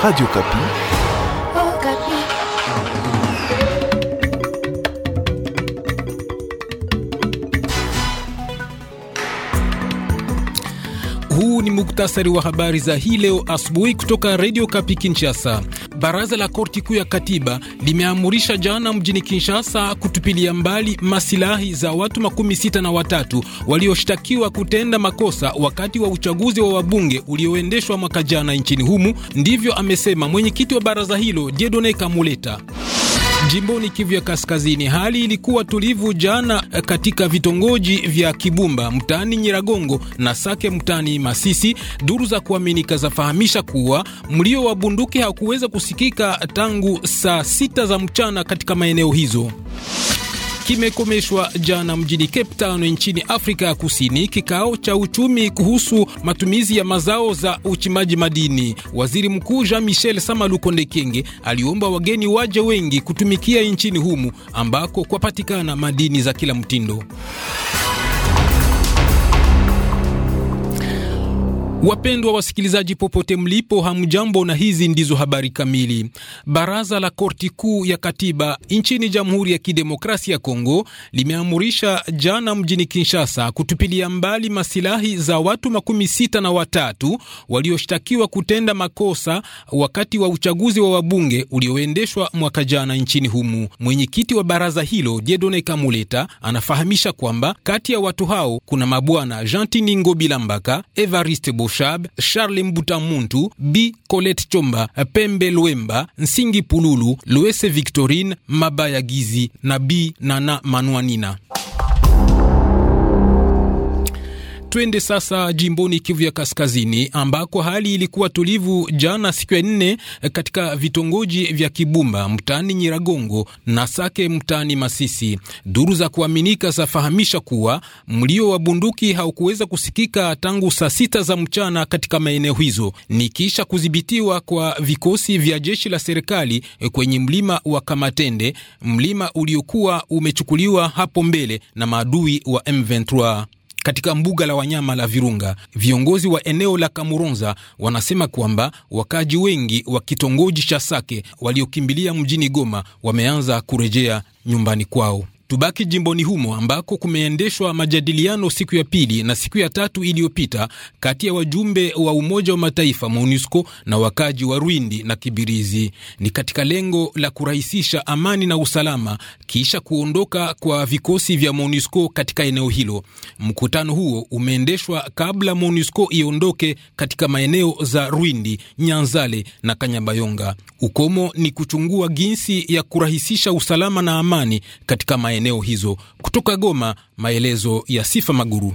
Radio Kapi. Oh, Kapi. Huu ni muktasari wa habari za hii leo asubuhi kutoka Radio Kapi Kinshasa baraza la korti kuu ya katiba limeamurisha jana mjini Kinshasa kutupilia mbali masilahi za watu makumi sita na watatu walioshtakiwa kutenda makosa wakati wa uchaguzi wa wabunge ulioendeshwa mwaka jana nchini humu. Ndivyo amesema mwenyekiti wa baraza hilo Dieudonne Kamuleta. Jimboni Kivu ya Kaskazini, hali ilikuwa tulivu jana eh, katika vitongoji vya Kibumba mtaani Nyiragongo na Sake mtaani Masisi. Duru za kuaminika zafahamisha kuwa mlio wa bunduki haukuweza kusikika tangu saa sita za mchana katika maeneo hizo kimekomeshwa jana mjini Cape Town nchini Afrika ya Kusini kikao cha uchumi kuhusu matumizi ya mazao za uchimaji madini. Waziri Mkuu Jean Michel Samalukonde Konde aliomba wageni waje wengi kutumikia nchini humu ambako kwapatikana madini za kila mtindo. Wapendwa wasikilizaji, popote mlipo, hamjambo, na hizi ndizo habari kamili. Baraza la korti kuu ya katiba nchini Jamhuri ya Kidemokrasia ya Kongo limeamurisha jana mjini Kinshasa kutupilia mbali masilahi za watu makumi sita na watatu walioshtakiwa kutenda makosa wakati wa uchaguzi wa wabunge ulioendeshwa mwaka jana nchini humu. Mwenyekiti wa baraza hilo Diedone Kamuleta anafahamisha kwamba kati ya watu hao kuna mabwana jantiningo Ngobila Mbaka, Evariste Mushab, Charles Mbuta Muntu, B Colette Chomba, Pembe Lwemba, Nsingi Pululu, Luese Victorine Mabaya Gizi na B Nana Manwanina. Twende sasa jimboni Kivu ya Kaskazini, ambako hali ilikuwa tulivu jana siku ya nne katika vitongoji vya Kibumba mtaani Nyiragongo na Sake mtaani Masisi. Duru za kuaminika zafahamisha kuwa mlio wa bunduki haukuweza kusikika tangu saa sita za mchana katika maeneo hizo, ni kisha kudhibitiwa kwa vikosi vya jeshi la serikali kwenye mlima wa Kamatende, mlima uliokuwa umechukuliwa hapo mbele na maadui wa M23. Katika mbuga la wanyama la Virunga, viongozi wa eneo la Kamuronza wanasema kwamba wakaji wengi wa kitongoji cha Sake waliokimbilia mjini Goma wameanza kurejea nyumbani kwao. Tubaki jimboni humo ambako kumeendeshwa majadiliano siku ya pili na siku ya tatu iliyopita kati ya wajumbe wa Umoja wa Mataifa MONUSCO na wakaji wa Rwindi na Kibirizi. Ni katika lengo la kurahisisha amani na usalama kisha kuondoka kwa vikosi vya MONUSCO katika eneo hilo. Mkutano huo umeendeshwa kabla MONUSCO iondoke katika maeneo za Rwindi, Nyanzale na Kanyabayonga. Ukomo ni kuchungua jinsi ya kurahisisha usalama na amani katika maeneo eneo hizo. Kutoka Goma, maelezo ya Sifa Maguru.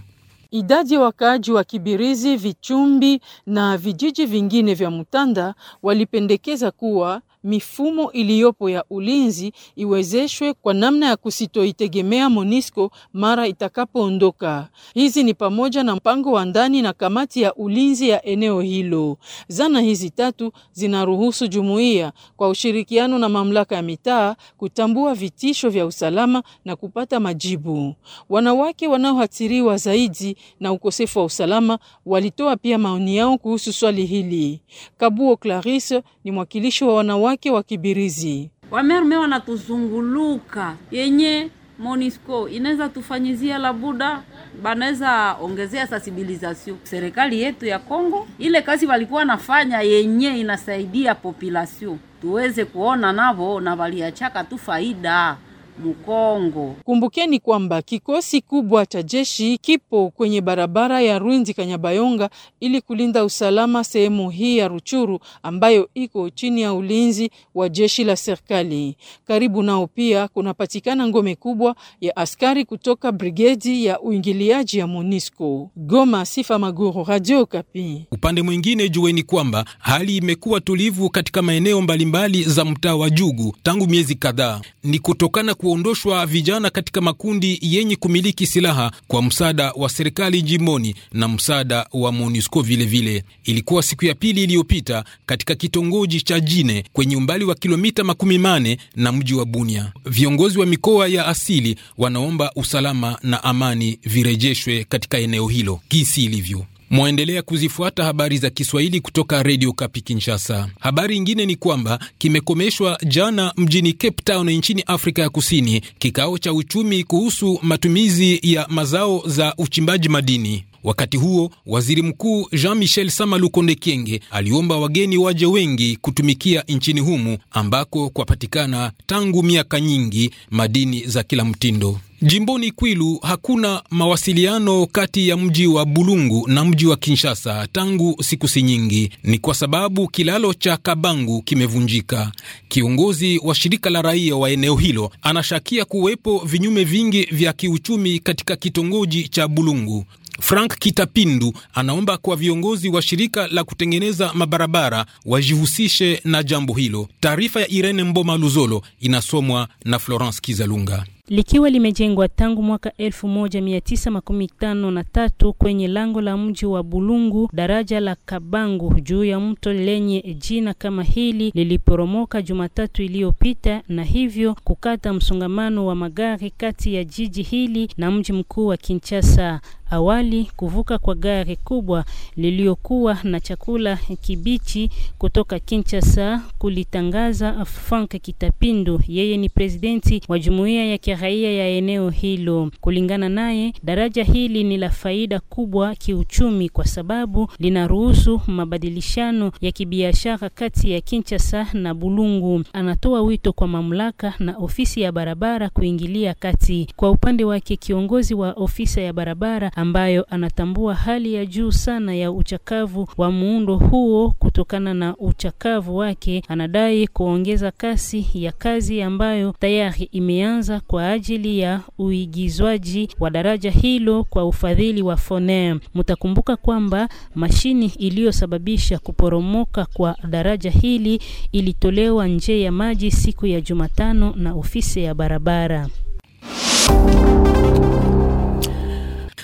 Idadi ya wakaaji wa Kibirizi, Vichumbi na vijiji vingine vya Mutanda walipendekeza kuwa mifumo iliyopo ya ulinzi iwezeshwe kwa namna ya kusitoitegemea MONUSCO mara itakapoondoka. Hizi ni pamoja na mpango wa ndani na kamati ya ulinzi ya eneo hilo. Zana hizi tatu zinaruhusu jumuiya kwa ushirikiano na mamlaka ya mitaa kutambua vitisho vya usalama na kupata majibu. Wanawake wanaohatiriwa zaidi na ukosefu wa usalama walitoa pia maoni yao kuhusu swali hili. Kabuo Clarisse ni mwakilishi wa wanawake wanawake wa Kibirizi. Wamerme wanatuzunguluka yenye Monisco inaweza tufanyizia labuda, banaweza ongezea sensibilisation. Serikali yetu ya Kongo, ile kazi walikuwa nafanya yenye inasaidia population, tuweze kuona navo na waliachaka tu faida Mkongo. Kumbukeni kwamba kikosi kubwa cha jeshi kipo kwenye barabara ya Rwindi Kanyabayonga ili kulinda usalama sehemu hii ya Ruchuru ambayo iko chini ya ulinzi wa jeshi la serikali. Karibu nao pia kunapatikana ngome kubwa ya askari kutoka brigedi ya uingiliaji ya Monisco. Goma, Sifa Maguru, Radio Kapi. Upande mwingine, jueni kwamba hali imekuwa tulivu katika maeneo mbalimbali za mtaa wa Jugu tangu miezi kadhaa, ni kutokana kuondoshwa vijana katika makundi yenye kumiliki silaha kwa msaada wa serikali jimboni na msaada wa MONUSCO vilevile. Ilikuwa siku ya pili iliyopita katika kitongoji cha Jine kwenye umbali wa kilomita makumi mane na mji wa Bunia. Viongozi wa mikoa ya asili wanaomba usalama na amani virejeshwe katika eneo hilo jinsi ilivyo. Mwaendelea kuzifuata habari za Kiswahili kutoka redio Kapi Kinshasa. Habari ingine ni kwamba kimekomeshwa jana mjini Cape Town nchini Afrika ya Kusini kikao cha uchumi kuhusu matumizi ya mazao za uchimbaji madini. Wakati huo waziri mkuu Jean Michel Sama Lukonde Kienge aliomba wageni waje wengi kutumikia nchini humu ambako kwapatikana tangu miaka nyingi madini za kila mtindo. Jimboni Kwilu hakuna mawasiliano kati ya mji wa Bulungu na mji wa Kinshasa tangu siku si nyingi. Ni kwa sababu kilalo cha Kabangu kimevunjika. Kiongozi wa shirika la raia wa eneo hilo anashakia kuwepo vinyume vingi vya kiuchumi katika kitongoji cha Bulungu. Frank Kitapindu anaomba kwa viongozi wa shirika la kutengeneza mabarabara wajihusishe na jambo hilo. Taarifa ya Irene Mboma Luzolo inasomwa na Florence Kizalunga likiwa limejengwa tangu mwaka 1953 kwenye lango la mji wa Bulungu. Daraja la Kabangu juu ya mto lenye jina kama hili liliporomoka Jumatatu iliyopita, na hivyo kukata msongamano wa magari kati ya jiji hili na mji mkuu wa Kinshasa. Awali kuvuka kwa gari kubwa liliyokuwa na chakula kibichi kutoka Kinshasa kulitangaza Frank Kitapindu, yeye ni presidenti wa jumuiya ya raia ya eneo hilo. Kulingana naye, daraja hili ni la faida kubwa kiuchumi kwa sababu linaruhusu mabadilishano ya kibiashara kati ya Kinshasa na Bulungu. Anatoa wito kwa mamlaka na ofisi ya barabara kuingilia kati. Kwa upande wake, kiongozi wa ofisa ya barabara ambayo anatambua hali ya juu sana ya uchakavu wa muundo huo kutokana na uchakavu wake, anadai kuongeza kasi ya kazi ambayo tayari imeanza kwa ajili ya uigizwaji wa daraja hilo kwa ufadhili wa FONEM. Mtakumbuka kwamba mashini iliyosababisha kuporomoka kwa daraja hili ilitolewa nje ya maji siku ya Jumatano na ofisi ya barabara.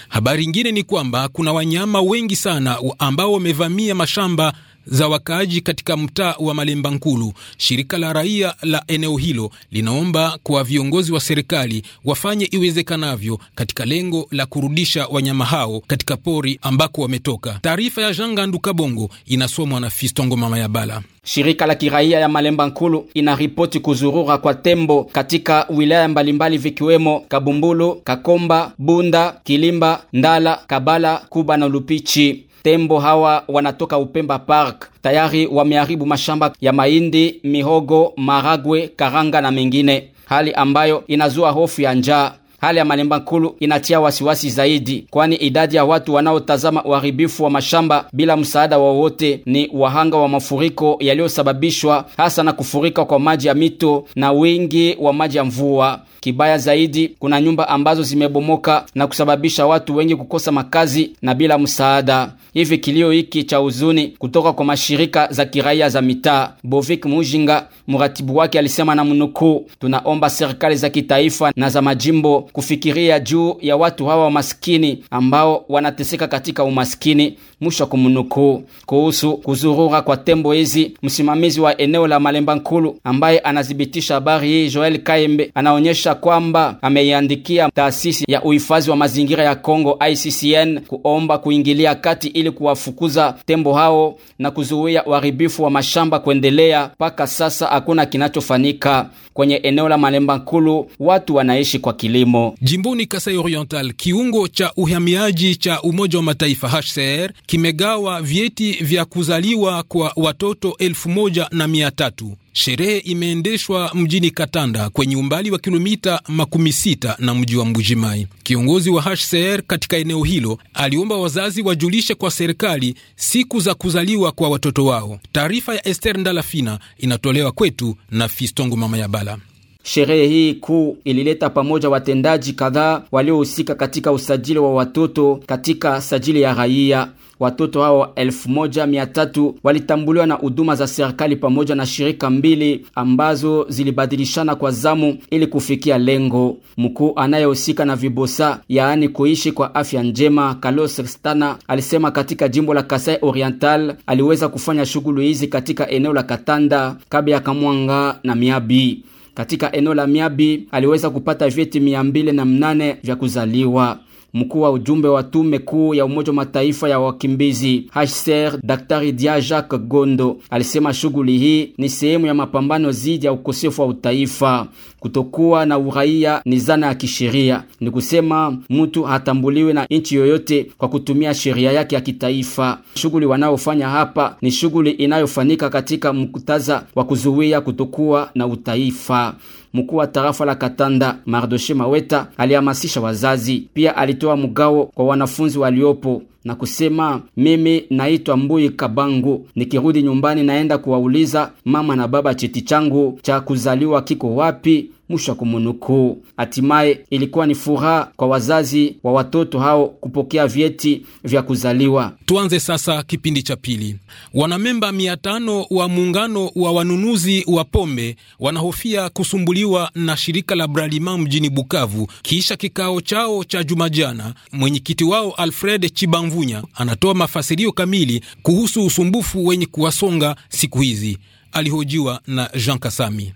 Habari nyingine ni kwamba kuna wanyama wengi sana ambao wamevamia mashamba za wakaaji katika mtaa wa Malemba Nkulu. Shirika la raia la eneo hilo linaomba kwa viongozi wa serikali wafanye iwezekanavyo katika lengo la kurudisha wanyama hao katika pori ambako wametoka. Taarifa ya Jean Gandu Kabongo inasomwa na Fistongo Mama ya Bala. Shirika la kiraia ya Malemba Nkulu inaripoti kuzurura kwa tembo katika wilaya mbalimbali vikiwemo Kabumbulu, Kakomba, Bunda, Kilimba, Ndala, Kabala, Kuba na Lupichi. Tembo hawa wanatoka Upemba Park, tayari wameharibu mashamba ya mahindi, mihogo, maragwe, karanga na mengine, hali ambayo inazua hofu ya njaa. Hali ya Malemba Nkulu inatia wasiwasi zaidi, kwani idadi ya watu wanaotazama uharibifu wa mashamba bila msaada wowote ni wahanga wa mafuriko yaliyosababishwa hasa na kufurika kwa maji ya mito na wingi wa maji ya mvua. Kibaya zaidi, kuna nyumba ambazo zimebomoka na kusababisha watu wengi kukosa makazi na bila msaada. Hivi kilio hiki cha huzuni kutoka kwa mashirika za kiraia za mitaa, Bovik Mujinga mratibu wake alisema na mnukuu, tunaomba serikali za kitaifa na za majimbo kufikiria juu ya watu hawa maskini ambao wanateseka katika umaskini, mwisho kumnukuu. Kuhusu kuzurura kwa tembo hizi, msimamizi wa eneo la Malemba Nkulu ambaye anathibitisha habari hii, Joel Kaembe anaonyesha kujulisha kwamba ameiandikia taasisi ya uhifadhi wa mazingira ya Kongo ICCN kuomba kuingilia kati ili kuwafukuza tembo hao na kuzuia uharibifu wa mashamba kuendelea. Mpaka sasa hakuna kinachofanyika kwenye eneo la Malemba Nkulu, watu wanaishi kwa kilimo. Jimboni Kasai Oriental, kiungo cha uhamiaji cha Umoja wa Mataifa HCR kimegawa vyeti vya kuzaliwa kwa watoto elfu moja na mia tatu Sherehe imeendeshwa mjini Katanda kwenye umbali wa kilomita makumi sita na mji wa Mbujimai. Kiongozi wa HCR katika eneo hilo aliomba wazazi wajulishe kwa serikali siku za kuzaliwa kwa watoto wao. Taarifa ya Ester Ndalafina inatolewa kwetu na Fistongo mama ya Bala. Sherehe hii kuu ilileta pamoja watendaji kadhaa waliohusika katika usajili wa watoto katika sajili ya raia. Watoto hao 1300 walitambuliwa na huduma za serikali pamoja na shirika mbili ambazo zilibadilishana kwa zamu ili kufikia lengo. Mkuu anayehusika na vibosa, yaani kuishi kwa afya njema, Carlos Sestana alisema katika jimbo la Kasai Oriental aliweza kufanya shughuli hizi katika eneo la Katanda, ya Kamwanga na Miabi. Katika eneo la Miabi aliweza kupata vyeti 208 vya kuzaliwa mkuu wa ujumbe wa tume kuu ya Umoja wa Mataifa ya wakimbizi HCR Daktari Dia Jacques Gondo alisema shughuli hii ni sehemu ya mapambano dhidi ya ukosefu wa utaifa. Kutokuwa na uraia ni zana ya kisheria, ni kusema mtu hatambuliwe na nchi yoyote kwa kutumia sheria yake ya kitaifa. Shughuli wanayofanya hapa ni shughuli inayofanyika katika mkutaza wa kuzuia kutokuwa na utaifa. Mkuu wa tarafa la Katanda Mardoshe Maweta alihamasisha wazazi, pia alitoa mgao kwa wanafunzi waliopo na kusema mimi naitwa Mbui Kabangu, nikirudi nyumbani naenda kuwauliza mama na baba cheti changu cha kuzaliwa kiko wapi Mwisho kumunukuu. Hatimaye ilikuwa ni furaha kwa wazazi wa watoto hao kupokea vyeti vya kuzaliwa. Tuanze sasa kipindi cha pili. Wanamemba mia tano wa muungano wa wanunuzi wa pombe wanahofia kusumbuliwa na shirika la Bralima mjini Bukavu kisha kikao chao cha Jumajana. Mwenyekiti wao Alfred Chibamvunya anatoa mafasirio kamili kuhusu usumbufu wenye kuwasonga siku hizi. Alihojiwa na Jean Kasami.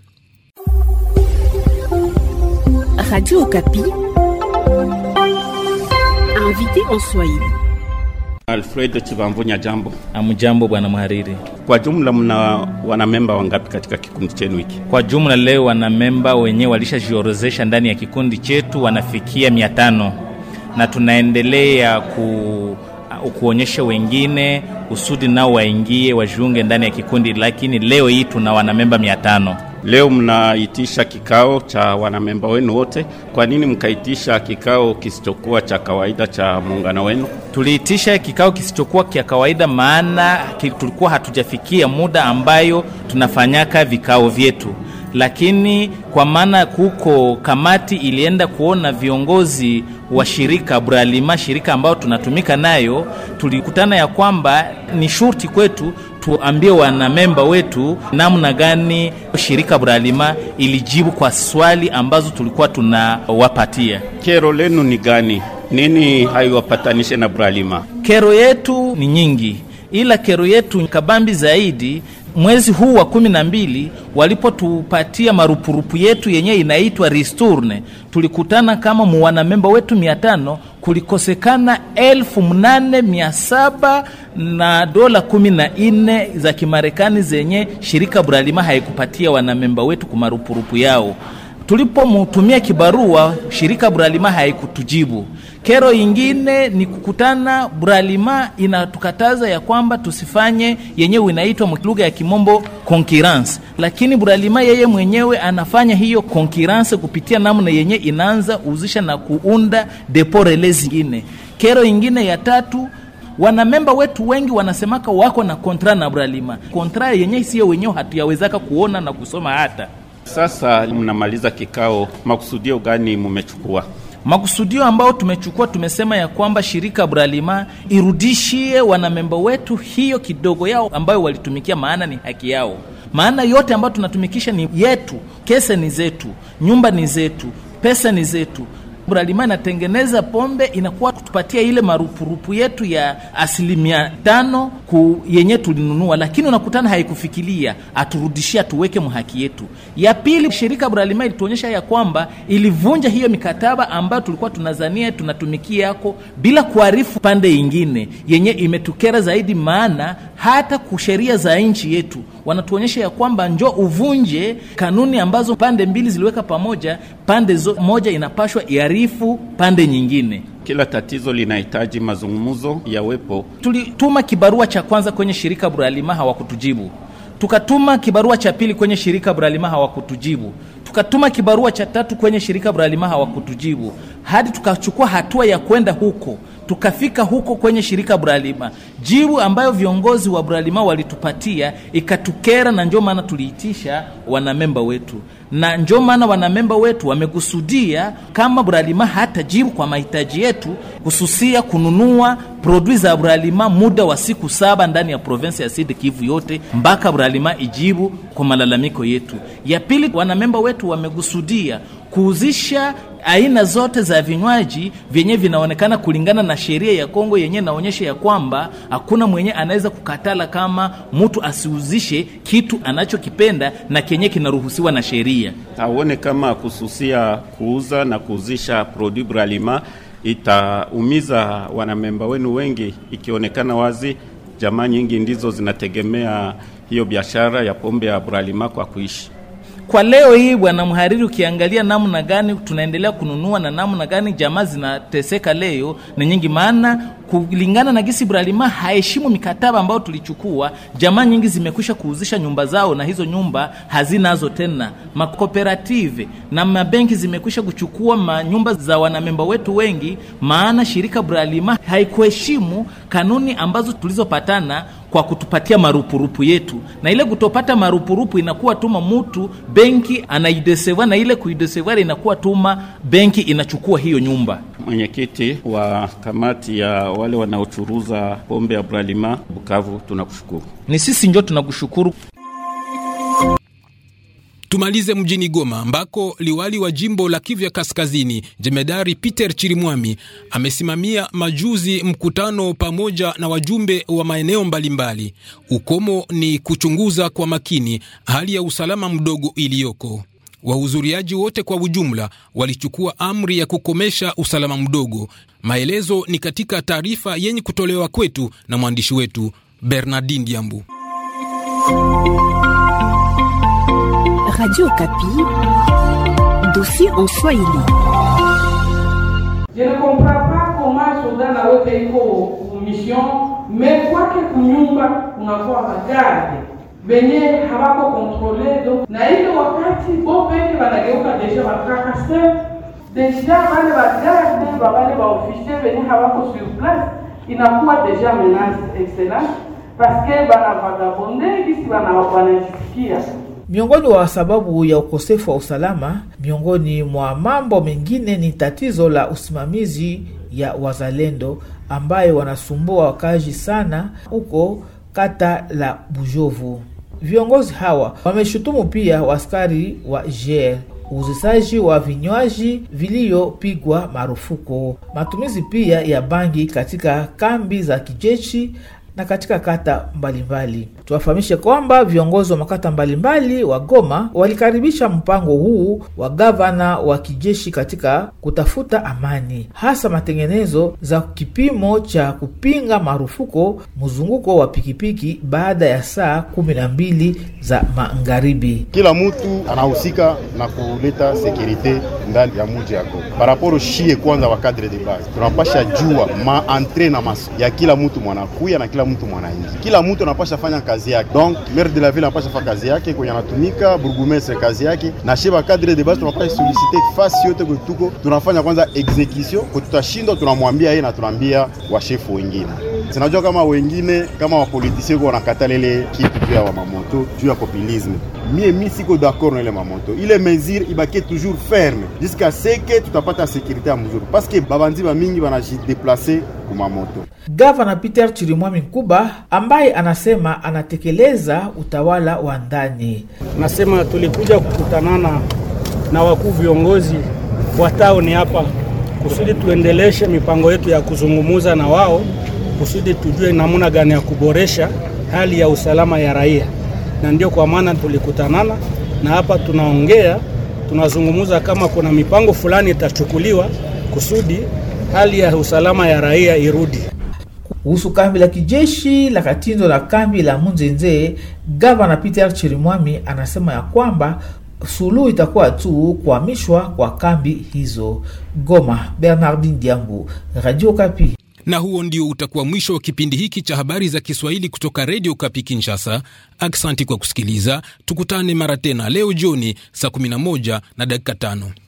Radio Okapi, invité en Swahili. Alfred Chivamvu Nyajambo. Amjambo bwana mhariri. Kwa jumla mna wanamemba wangapi katika kikundi chenu hiki? Kwa jumla leo wanamemba wenyewe walishajiorozesha ndani ya kikundi chetu wanafikia mia tano na tunaendelea ku uh, kuonyesha wengine kusudi nao waingie wajiunge ndani ya kikundi, lakini leo hii tuna wanamemba mia tano. Leo mnaitisha kikao cha wanamemba wenu wote. Kwa nini mkaitisha kikao kisichokuwa cha kawaida cha muungano wenu? Tuliitisha kikao kisichokuwa kia kawaida maana tulikuwa hatujafikia muda ambayo tunafanyaka vikao vyetu lakini kwa maana kuko kamati ilienda kuona viongozi wa shirika Bralima, shirika ambayo tunatumika nayo, tulikutana ya kwamba ni shurti kwetu tuambie wanamemba wetu namna gani shirika Bralima ilijibu kwa swali ambazo tulikuwa tunawapatia. Kero lenu ni gani? Nini haiwapatanishe na Bralima? Kero yetu ni nyingi, ila kero yetu kabambi zaidi mwezi huu wa kumi na mbili walipotupatia marupurupu yetu yenyewe inaitwa risturne, tulikutana kama mwanamemba wetu mia tano kulikosekana elfu mnane mia saba na dola kumi na nne za Kimarekani zenye shirika Bralima haikupatia wanamemba wetu kumarupurupu yao tulipomtumia kibarua shirika Bralima haikutujibu. Kero ingine ni kukutana, Bralima inatukataza ya kwamba tusifanye yenyewe, inaitwa lugha ya kimombo concurrence, lakini Bralima yeye mwenyewe anafanya hiyo concurrence kupitia namna yenye inaanza uzisha na kuunda deporele zingine. Kero ingine ya tatu wanamemba wetu wengi wanasemaka wako na kontra na Bralima, kontra yenye sio wenyewe hatuyawezaka kuona na kusoma hata sasa mnamaliza kikao, makusudio gani mmechukua? Makusudio ambayo tumechukua, tumesema ya kwamba shirika Bralima irudishie wanamemba wetu hiyo kidogo yao ambayo walitumikia, maana ni haki yao, maana yote ambayo tunatumikisha ni yetu, kese ni zetu, nyumba ni zetu, pesa ni zetu. Bralima inatengeneza pombe, inakuwa kutupatia ile marupurupu yetu ya asilimia tano ku yenye tulinunua, lakini unakutana haikufikilia aturudishia tuweke mhaki yetu. Ya pili, shirika Bralima ilituonyesha ya kwamba ilivunja hiyo mikataba ambayo tulikuwa tunazania tunatumikia yako bila kuarifu pande ingine, yenye imetukera zaidi, maana hata kusheria za nchi yetu wanatuonyesha ya kwamba njo uvunje kanuni ambazo pande mbili ziliweka pamoja. Pande zo, moja inapashwa iarifu pande nyingine. Kila tatizo linahitaji mazungumzo yawepo. Tulituma kibarua cha kwanza kwenye shirika Buralima, hawakutujibu. Tukatuma kibarua cha pili kwenye shirika Buralima, hawakutujibu. Tukatuma kibarua cha tatu kwenye shirika Buralima, hawakutujibu, hadi tukachukua hatua ya kwenda huko tukafika huko kwenye shirika Bralima, jibu ambayo viongozi wa Bralima walitupatia ikatukera, na ndio maana tuliitisha wanamemba wetu, na ndio maana wanamemba wetu wamekusudia kama Bralima hata jibu kwa mahitaji yetu, kususia kununua produi za Bralima muda wa siku saba ndani ya provinsi ya Sud Kivu yote mpaka Bralima ijibu kwa malalamiko yetu. Ya pili, wanamemba wetu wamekusudia kuuzisha aina zote za vinywaji vyenye vinaonekana kulingana na sheria ya Kongo yenye naonyesha ya kwamba hakuna mwenye anaweza kukatala kama mtu asiuzishe kitu anachokipenda na kenye kinaruhusiwa na sheria. Aone kama kususia kuuza na kuuzisha produit bralima itaumiza wanamemba wenu wengi, ikionekana wazi jamaa nyingi ndizo zinategemea hiyo biashara ya pombe ya bralima kwa kuishi. Kwa leo hii, bwana mhariri, ukiangalia namna gani tunaendelea kununua na namna gani jamaa zinateseka leo ni nyingi, maana kulingana na gisi Bralima haheshimu mikataba ambayo tulichukua. Jamaa nyingi zimekwisha kuuzisha nyumba zao na hizo nyumba hazinazo tena. Makooperative na mabenki zimekwisha kuchukua nyumba za wanamemba wetu wengi, maana shirika Bralima haikuheshimu kanuni ambazo tulizopatana kwa kutupatia marupurupu yetu, na ile kutopata marupurupu inakuwa tuma mutu benki anaidesewa, na ile kuidesewa inakuwa tuma benki inachukua hiyo nyumba mwenyekiti wa kamati ya wale wanaochuruza pombe ya Bralima Bukavu, tunakushukuru. Ni sisi njo tunakushukuru. Tumalize mjini Goma ambako liwali wa jimbo la Kivu ya Kaskazini jemedari Peter Chirimwami amesimamia majuzi mkutano pamoja na wajumbe wa maeneo mbalimbali. Ukomo ni kuchunguza kwa makini hali ya usalama mdogo iliyoko. Wahudhuriaji wote kwa ujumla walichukua amri ya kukomesha usalama mdogo. Maelezo ni katika taarifa yenye kutolewa kwetu na mwandishi wetu Bernardin Diambu. Radio Kapi, en Swahili. mais kwake kunyumba venye hawako kontrole do na ile wakati bo peke wanageuka deja bakakase deja bale bagarde babale baofisier venye hawako sur place, inakuwa deja menace excellent paske banavagabondegisi wanajisikia miongoni wa sababu ya ukosefu wa usalama. Miongoni mwa mambo mengine ni tatizo la usimamizi ya wazalendo ambayo wanasumbua wakazi sana huko kata la Bujovu. Viongozi hawa wameshutumu pia waskari wa jer uuzisaji wa vinywaji viliyopigwa marufuku, matumizi pia ya bangi katika kambi za kijeshi na katika kata mbalimbali. Tuwafahamishe kwamba viongozi wa makata mbalimbali wa Goma walikaribisha mpango huu wa gavana wa kijeshi katika kutafuta amani, hasa matengenezo za kipimo cha kupinga marufuko mzunguko wa pikipiki baada ya saa kumi na mbili za magharibi. Kila mtu anahusika na kuleta sekurite ndani ya muji ya Goma. Paraporo shie kwanza wa kadre de base tunapasha jua maantre na maso ya kila mtu mwanakuya na kila qui mtu mwananchi, kila mtu anapasha fanya kazi yake. Donc maire de la ville anapasha fanya kazi yake kwenye anatumika, burgomestre kazi yake na sheba cadre de base, tunapasha solicite fasi yote kwetu, tuko tunafanya kwanza execution, kwa tutashindwa tunamwambia yeye na tunaambia washefu wengine. Sinajua kama wengine kama wapolitisie ko wanakatala ile kitu juu ya wamamoto juu ya populisme. Mie mi siko d'accord na ile mamoto, ile mesure ibaki toujours ferme jusqu'à ce que tutapata sécurité ya mzuri, parce que babanzi ba mingi déplacer Kumamoto. Gavana Peter Chirimwami Nkuba ambaye anasema anatekeleza utawala wa ndani, nasema tulikuja kukutanana na wakuu viongozi wa tauni hapa kusudi tuendeleshe mipango yetu ya kuzungumuza na wao kusudi tujue namna gani ya kuboresha hali ya usalama ya raia, na ndio kwa maana tulikutanana na hapa tunaongea, tunazungumuza kama kuna mipango fulani itachukuliwa kusudi hali ya usalama ya raia irudi. Kuhusu kambi la kijeshi la Katindo la kambi la Munzenze, gavana Peter Chirimwami anasema ya kwamba suluhu itakuwa tu kuhamishwa kwa kambi hizo. Goma, Bernardin Diambu, Radio Kapi. Na huo ndio utakuwa mwisho wa kipindi hiki cha habari za Kiswahili kutoka Radio Kapi Kinshasa. Aksanti kwa kusikiliza, tukutane mara tena leo jioni saa 11 na dakika 5.